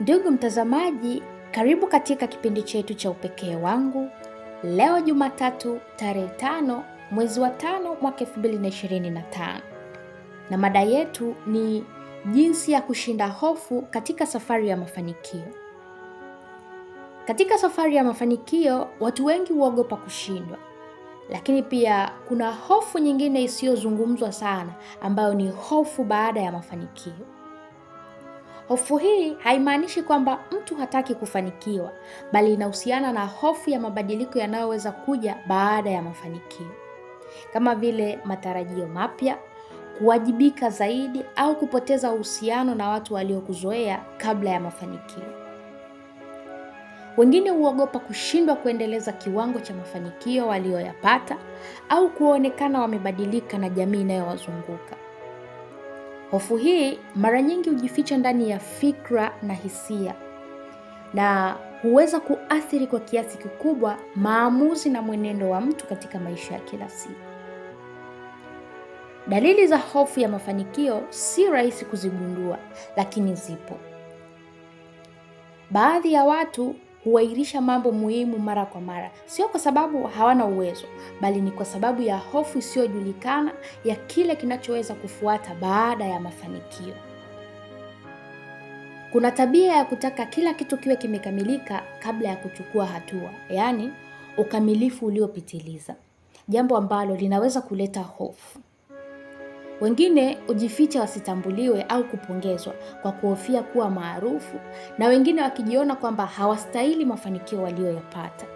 Ndugu mtazamaji, karibu katika kipindi chetu cha Upekee wangu. Leo Jumatatu tarehe tano mwezi wa tano mwaka tano na mada yetu ni jinsi ya kushinda hofu katika safari ya mafanikio. Katika safari ya mafanikio, watu wengi huogopa kushindwa, lakini pia kuna hofu nyingine isiyozungumzwa sana, ambayo ni hofu baada ya mafanikio. Hofu hii haimaanishi kwamba mtu hataki kufanikiwa, bali inahusiana na hofu ya mabadiliko yanayoweza kuja baada ya mafanikio, kama vile matarajio mapya, kuwajibika zaidi, au kupoteza uhusiano na watu waliokuzoea kabla ya mafanikio. Wengine huogopa kushindwa kuendeleza kiwango cha mafanikio waliyoyapata au kuonekana wamebadilika na jamii inayowazunguka. Hofu hii mara nyingi hujificha ndani ya fikra na hisia na huweza kuathiri kwa kiasi kikubwa maamuzi na mwenendo wa mtu katika maisha ya kila siku. Dalili za hofu ya mafanikio si rahisi kuzigundua, lakini zipo. Baadhi ya watu huahirisha mambo muhimu mara kwa mara, sio kwa sababu hawana uwezo, bali ni kwa sababu ya hofu isiyojulikana ya kile kinachoweza kufuata baada ya mafanikio. Kuna tabia ya kutaka kila kitu kiwe kimekamilika kabla ya kuchukua hatua, yaani ukamilifu uliopitiliza, jambo ambalo linaweza kuleta hofu. Wengine hujificha wasitambuliwe au kupongezwa kwa kuhofia kuwa maarufu, na wengine wakijiona kwamba hawastahili mafanikio waliyoyapata.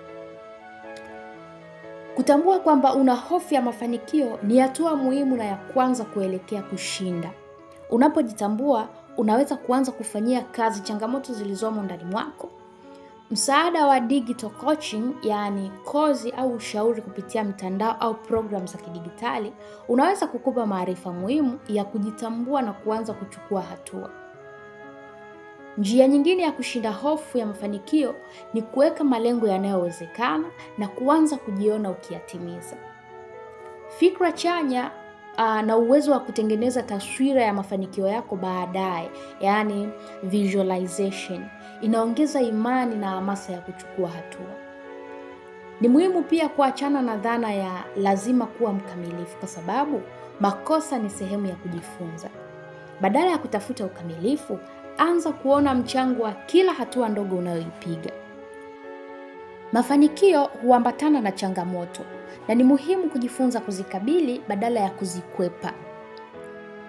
Kutambua kwamba una hofu ya mafanikio ni hatua muhimu na ya kwanza kuelekea kushinda. Unapojitambua, unaweza kuanza kufanyia kazi changamoto zilizomo ndani mwako Msaada wa digital coaching, yaani kozi au ushauri kupitia mtandao au programu za kidigitali, unaweza kukupa maarifa muhimu ya kujitambua na kuanza kuchukua hatua. Njia nyingine ya kushinda hofu ya mafanikio ni kuweka malengo yanayowezekana na kuanza kujiona ukiyatimiza. Fikra chanya uh, na uwezo wa kutengeneza taswira ya mafanikio yako baadaye, yani visualization. Inaongeza imani na hamasa ya kuchukua hatua. Ni muhimu pia kuachana na dhana ya lazima kuwa mkamilifu, kwa sababu makosa ni sehemu ya kujifunza. Badala ya kutafuta ukamilifu, anza kuona mchango wa kila hatua ndogo unayoipiga. Mafanikio huambatana na changamoto na ni muhimu kujifunza kuzikabili badala ya kuzikwepa.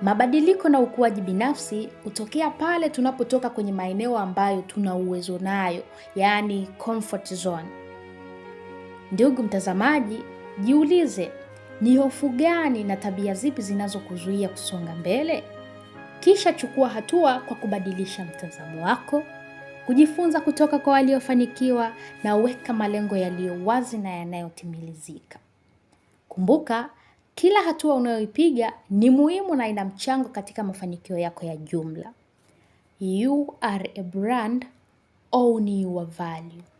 Mabadiliko na ukuaji binafsi hutokea pale tunapotoka kwenye maeneo ambayo tuna uwezo nayo, yaani comfort zone. Ndugu mtazamaji, jiulize ni hofu gani na tabia zipi zinazokuzuia kusonga mbele? Kisha chukua hatua kwa kubadilisha mtazamo wako, kujifunza kutoka kwa waliofanikiwa na weka malengo yaliyo wazi na yanayotimilizika. Kumbuka, kila hatua unayoipiga ni muhimu na ina mchango katika mafanikio yako ya jumla. You are a brand, own your value.